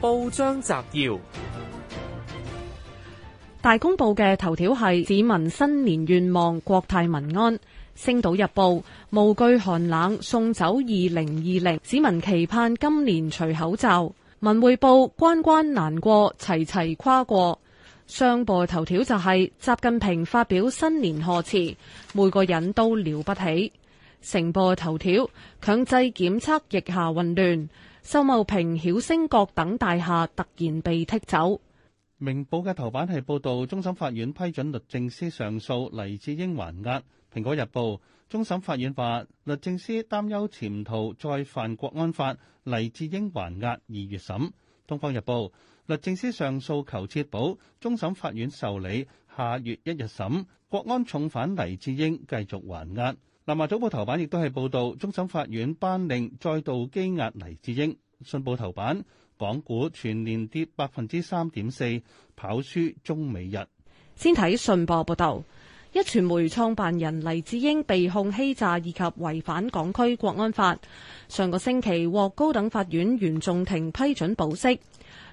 報章摘要：大公報嘅頭條係市民新年願望，國泰民安。星島日報無懼寒冷送走二零二零，市民期盼今年除口罩。文匯報關關難過，齊齊跨過。商報頭條就係習近平發表新年賀詞，每個人都了不起。成報頭條強制檢測腋下混亂。秀茂坪、曉星閣等大廈突然被踢走。明報嘅頭版係報導，終審法院批准律政司上訴黎智英還押。蘋果日報：終審法院話律政司擔憂潛逃再犯國安法，黎智英還押二月審。東方日報：律政司上訴求撤保，終審法院受理，下月一日審。國安重犯黎智英繼續還押。《南華早報》頭版亦都係報道，終審法院頒令再度羈押黎智英。《信報》頭版，港股全年跌百分之三點四，跑輸中美日。先睇《信報》報道，一傳媒創辦人黎智英被控欺詐以及違反港區國安法，上個星期獲高等法院原訟庭批准保釋。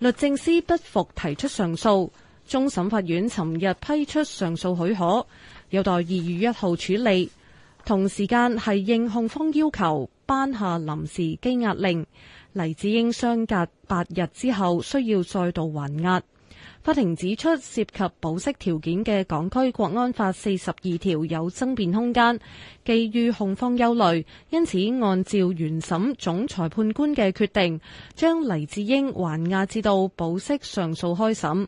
律政司不服提出上訴，終審法院尋日批出上訴許可，有待二月一號處理。同時間係應控方要求，頒下臨時羈押令，黎智英相隔八日之後需要再度還押。法庭指出涉及保釋條件嘅港區國安法四十二條有爭辯空間，基於控方憂慮，因此按照原審總裁判官嘅決定，將黎智英還押至到保釋上訴開審。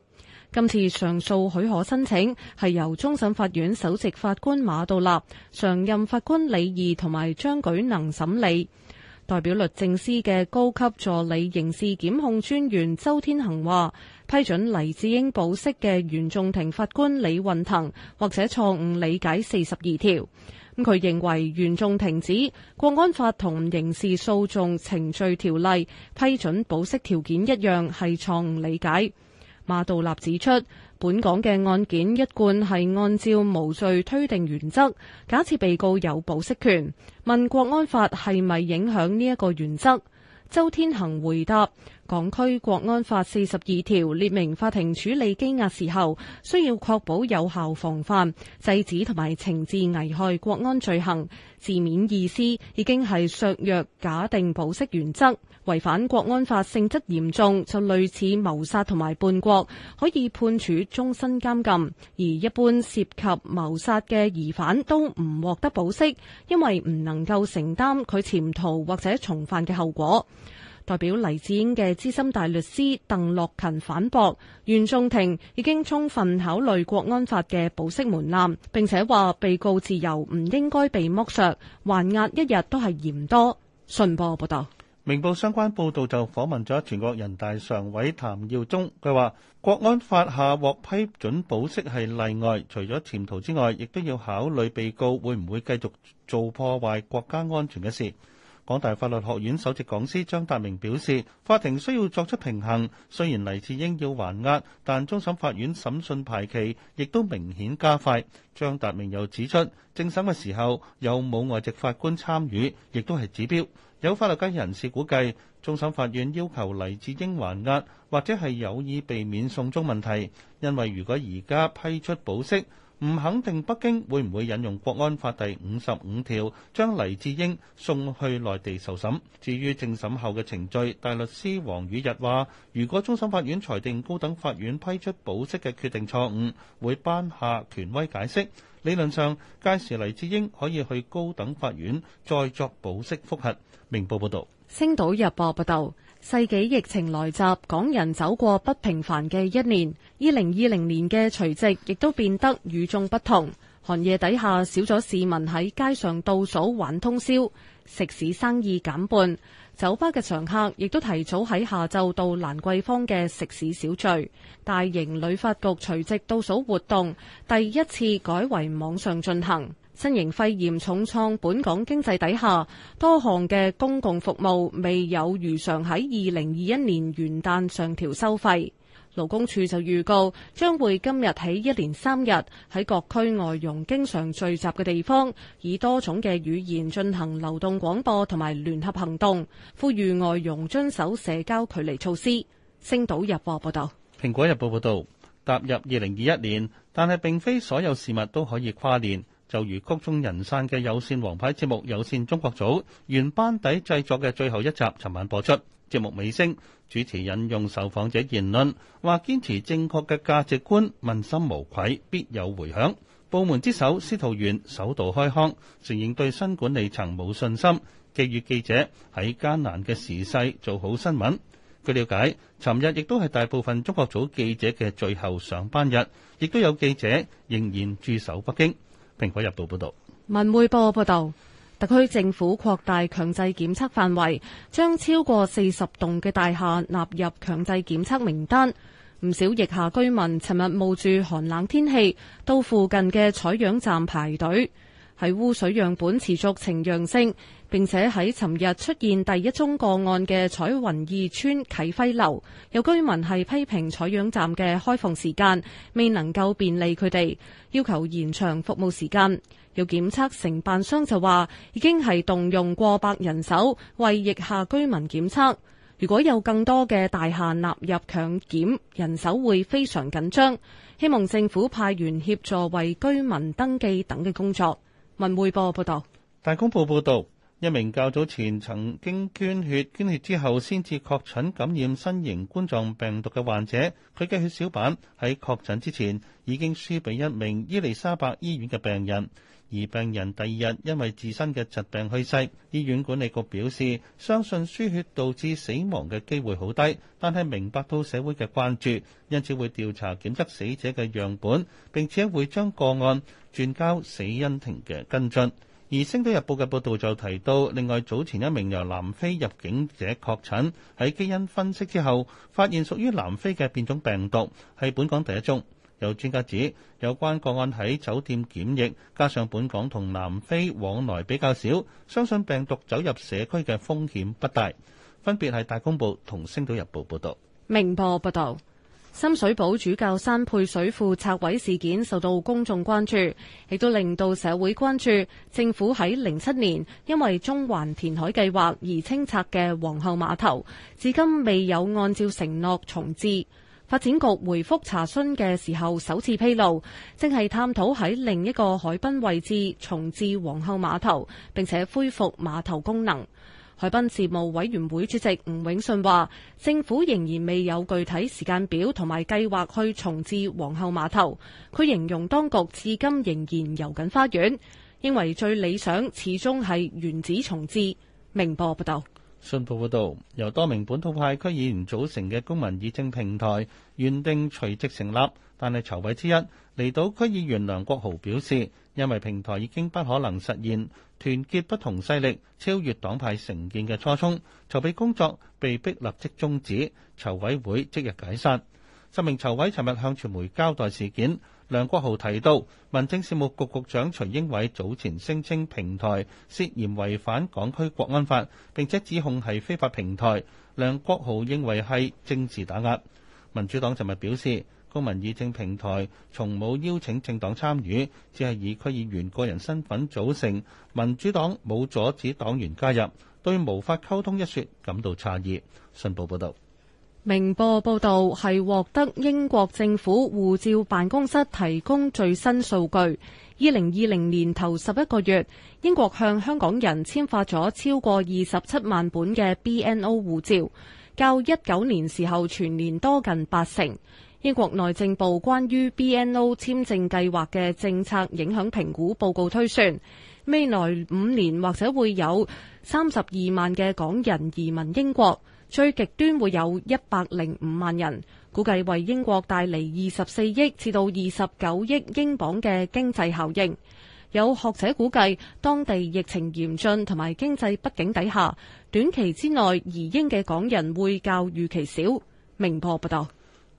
今次上訴許可申請係由終審法院首席法官馬道立、常任法官李義同埋張舉能審理。代表律政司嘅高級助理刑事檢控專員周天行話：批准黎智英保釋嘅原訟庭法官李運騰或者錯誤理解四十二條。咁佢認為原訟庭指《國安法》同《刑事訴訟程序條例》批准保釋條件一樣係錯誤理解。馬道立指出，本港嘅案件一貫係按照無罪推定原則，假設被告有保釋權。問國安法係咪影響呢一個原則？周天恒回答。港區國安法四十二條列明，法庭處理羈押時候需要確保有效防範、制止同埋懲治危害國安罪行，字面意思已經係削弱假定保釋原則，違反國安法性質嚴重，就類似謀殺同埋叛國，可以判處終身監禁。而一般涉及謀殺嘅疑犯都唔獲得保釋，因為唔能夠承擔佢潛逃或者重犯嘅後果。代表黎智英嘅資深大律師鄧樂勤反駁，原訟庭已經充分考慮國安法嘅保釋門檻，並且話被告自由唔應該被剝削，還押一日都係嫌多。信報報道，明報相關報道就訪問咗全國人大常委譚耀宗，佢話國安法下獲批准保釋係例外，除咗潛逃之外，亦都要考慮被告會唔會繼續做破壞國家安全嘅事。港大法律學院首席講師張達明表示，法庭需要作出平衡。雖然黎智英要還押，但終審法院審訊排期亦都明顯加快。張達明又指出，政審嘅時候有冇外籍法官參與，亦都係指標。有法律界人士估計，終審法院要求黎智英還押，或者係有意避免送中問題，因為如果而家批出保釋，唔肯定北京會唔會引用《國安法》第五十五條將黎智英送去內地受審，至於政審後嘅程序，大律師王宇日話，如果終審法院裁定高等法院批出保釋嘅決定錯誤，會頒下權威解釋，理論上屆時黎智英可以去高等法院再作保釋複核。明報報道。星島日報報道，世紀疫情來襲，港人走過不平凡嘅一年。二零二零年嘅除夕亦都變得與眾不同，寒夜底下少咗市民喺街上倒數玩通宵，食肆生意減半，酒吧嘅常客亦都提早喺下晝到蘭桂坊嘅食肆小聚。大型旅發局除夕倒數活動第一次改為網上進行。新型肺炎重創本港經濟底下，多項嘅公共服務未有如常喺二零二一年元旦上調收費。勞工處就預告，將會今日起一連三日喺各區外傭經常聚集嘅地方，以多種嘅語言進行流動廣播同埋聯合行動，呼籲外傭遵守社交距離措施。星島日報報道，蘋果日報報道，踏入二零二一年，但係並非所有事物都可以跨年。就如曲終人散嘅有線王牌節目《有線中國組》原班底製作嘅最後一集，尋晚播出節目尾聲，主持引用受訪者言論，話堅持正確嘅價值觀，問心無愧，必有回響。部門之首司徒元首度開腔，承認對新管理層冇信心，寄予記者喺艱難嘅時勢做好新聞。據了解，尋日亦都係大部分中國組記者嘅最後上班日，亦都有記者仍然駐守北京。蘋果日報報道，文匯報報道，特區政府擴大強制檢測範圍，將超過四十棟嘅大廈納入強制檢測名單。唔少疫下居民尋日冒住寒冷天氣，到附近嘅採樣站排隊。喺污水樣本持續呈陽性，並且喺尋日出現第一宗個案嘅彩雲二村啟輝樓，有居民係批評採樣站嘅開放時間未能夠便利佢哋，要求延長服務時間。有檢測承辦商就話已經係動用過百人手為疫下居民檢測，如果有更多嘅大廈納入強檢，人手會非常緊張。希望政府派員協助為居民登記等嘅工作。文匯報報道，大公報報道。一名較早前曾經捐血，捐血之後先至確診感染新型冠狀病毒嘅患者，佢嘅血小板喺確診之前已經輸俾一名伊利沙伯醫院嘅病人，而病人第二日因為自身嘅疾病去世。醫院管理局表示，相信輸血導致死亡嘅機會好低，但係明白到社會嘅關注，因此會調查檢測死者嘅樣本，並且會將個案轉交死因庭嘅跟進。而《星島日報》嘅報導就提到，另外早前一名由南非入境者確診，喺基因分析之後發現屬於南非嘅變種病毒，係本港第一宗。有專家指，有關個案喺酒店檢疫，加上本港同南非往來比較少，相信病毒走入社區嘅風險不大。分別係《大公報》同《星島日報》報道。明報報導。深水埗主教山配水庫拆毀事件受到公眾關注，亦都令到社會關注政府喺零七年因為中環填海計劃而清拆嘅皇后碼頭，至今未有按照承諾重置。發展局回覆查詢嘅時候，首次披露正係探討喺另一個海濱位置重置皇后碼頭，並且恢復碼頭功能。海濱事務委員會主席吳永信話，政府仍然未有具體時間表同埋計劃去重置皇后碼頭。佢形容當局至今仍然遊緊花園，認為最理想始終係原址重置。明報報道，信報報道，由多名本土派區議員組成嘅公民議政平台原定隨即成立，但係籌委之一離島區議員梁國豪表示，因為平台已經不可能實現團結不同勢力、超越黨派成見嘅初衷，籌備工作被迫立即中止，籌委會即日解散。十名籌委尋日向傳媒交代事件，梁國豪提到，民政事務局局長徐英偉早前聲稱平台涉嫌違反港區國安法，並且指控係非法平台。梁國豪認為係政治打壓。民主黨尋日表示。公民議政平台從冇邀請政黨參與，只係以區議員個人身份組成。民主黨冇阻止黨員加入，對無法溝通一説感到詫異。信報報道：「明報報道係獲得英國政府護照辦公室提供最新數據。二零二零年頭十一個月，英國向香港人簽發咗超過二十七萬本嘅 BNO 護照，較一九年時候全年多近八成。英國內政部關於 BNO 簽證計劃嘅政策影響評估報告推算，未來五年或者會有三十二萬嘅港人移民英國，最極端會有一百零五萬人，估計為英國帶嚟二十四億至到二十九億英鎊嘅經濟效應。有學者估計，當地疫情嚴峻同埋經濟不景底下，短期之內移英嘅港人會較預期少。明報報道。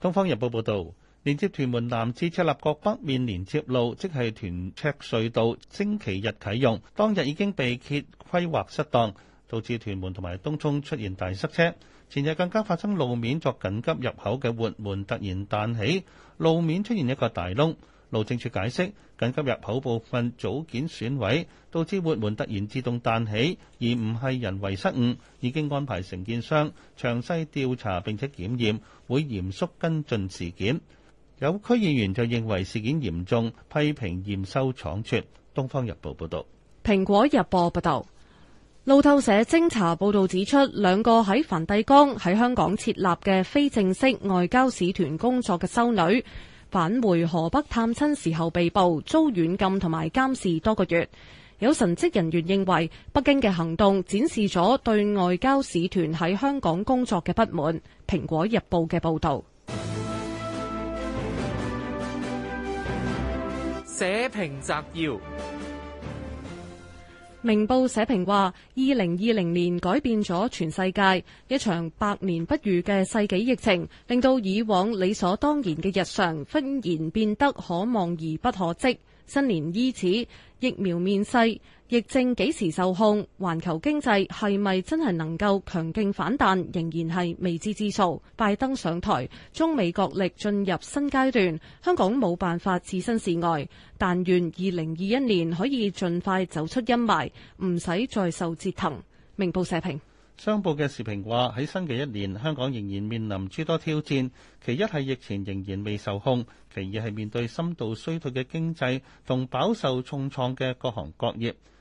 《東方日報》報導，連接屯門南至赤鱲角北面連接路，即係屯赤隧道，星期日啟用。當日已經被揭規劃失當，導致屯門同埋東涌出現大塞車。前日更加發生路面作緊急入口嘅活門突然彈起，路面出現一個大窿。路政署解釋，緊急入口部分組件損毀，導致活門突然自動彈起，而唔係人為失誤。已經安排承建商詳細調查並且檢驗，會嚴肅跟進事件。有區議員就認為事件嚴重，批評驗收闖禍。《東方日報》報導，《蘋果日報》報道，路透社偵查報導指出，兩個喺梵蒂岡喺香港設立嘅非正式外交使團工作嘅修女返回河北探親時候被捕，遭軟禁同埋監視多個月。有神職人員認為，北京嘅行動展示咗對外交使團喺香港工作嘅不滿。蘋果日報嘅報道。社評摘要。明報社評話：二零二零年改變咗全世界，一場百年不遇嘅世紀疫情，令到以往理所當然嘅日常忽然變得可望而不可即。新年伊始，疫苗面世。疫症幾時受控？環球經濟係咪真係能夠強勁反彈，仍然係未知之數。拜登上台，中美角力進入新階段，香港冇辦法置身事外。但願二零二一年可以盡快走出陰霾，唔使再受折騰。明報社評。商報嘅時評話：喺新嘅一年，香港仍然面臨諸多挑戰。其一係疫情仍然未受控；其二係面對深度衰退嘅經濟同飽受重創嘅各行各業。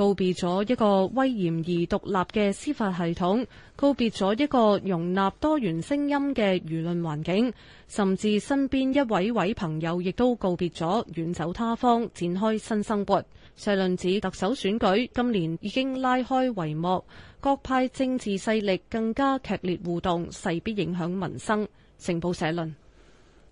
告別咗一個威嚴而獨立嘅司法系統，告別咗一個容納多元聲音嘅輿論環境，甚至身邊一位位朋友亦都告別咗，遠走他方，展開新生活。社論指特首選舉今年已經拉開帷幕，各派政治勢力更加劇烈互動，勢必影響民生。成報社論，《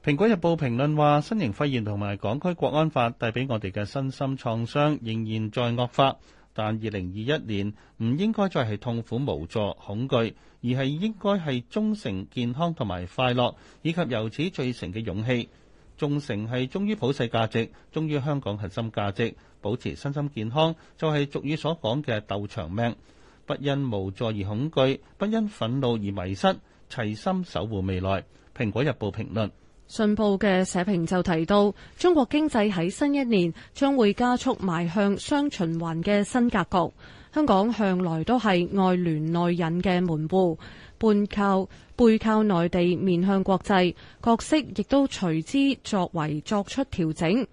蘋果日報》評論話，新型肺炎同埋港區國安法帶俾我哋嘅身心創傷仍然在惡化。但二零二一年唔應該再係痛苦、無助、恐懼，而係應該係忠誠、健康同埋快樂，以及由此聚成嘅勇氣。忠誠係忠於普世價值，忠於香港核心價值，保持身心健康，就係俗語所講嘅鬥長命。不因無助而恐懼，不因憤怒而迷失，齊心守護未來。《蘋果日報》評論。信報嘅社評就提到，中國經濟喺新一年將會加速邁向雙循環嘅新格局。香港向來都係外聯內引嘅門戶，背靠背靠內地，面向國際，角色亦都隨之作為作出調整。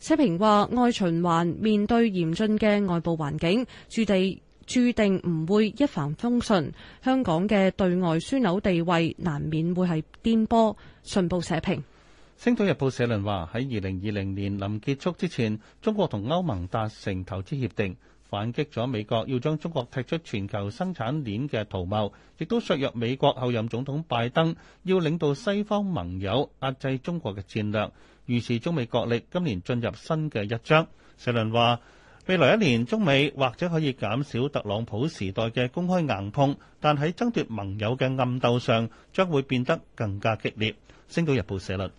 社評話，外循環面對嚴峻嘅外部環境，注地。注定唔會一帆風順，香港嘅對外樞紐地位難免會係顛簸。信報社評。《星島日報》社論話：喺二零二零年臨結束之前，中國同歐盟達成投資協定，反擊咗美國要將中國踢出全球生產鏈嘅圖謀，亦都削弱美國後任總統拜登要領導西方盟友壓制中國嘅戰略。預示中美角力今年進入新嘅一章。社論話，未來一年，中美或者可以減少特朗普時代嘅公開硬碰，但喺爭奪盟友嘅暗鬥上，將會變得更加激烈。星島日報社論。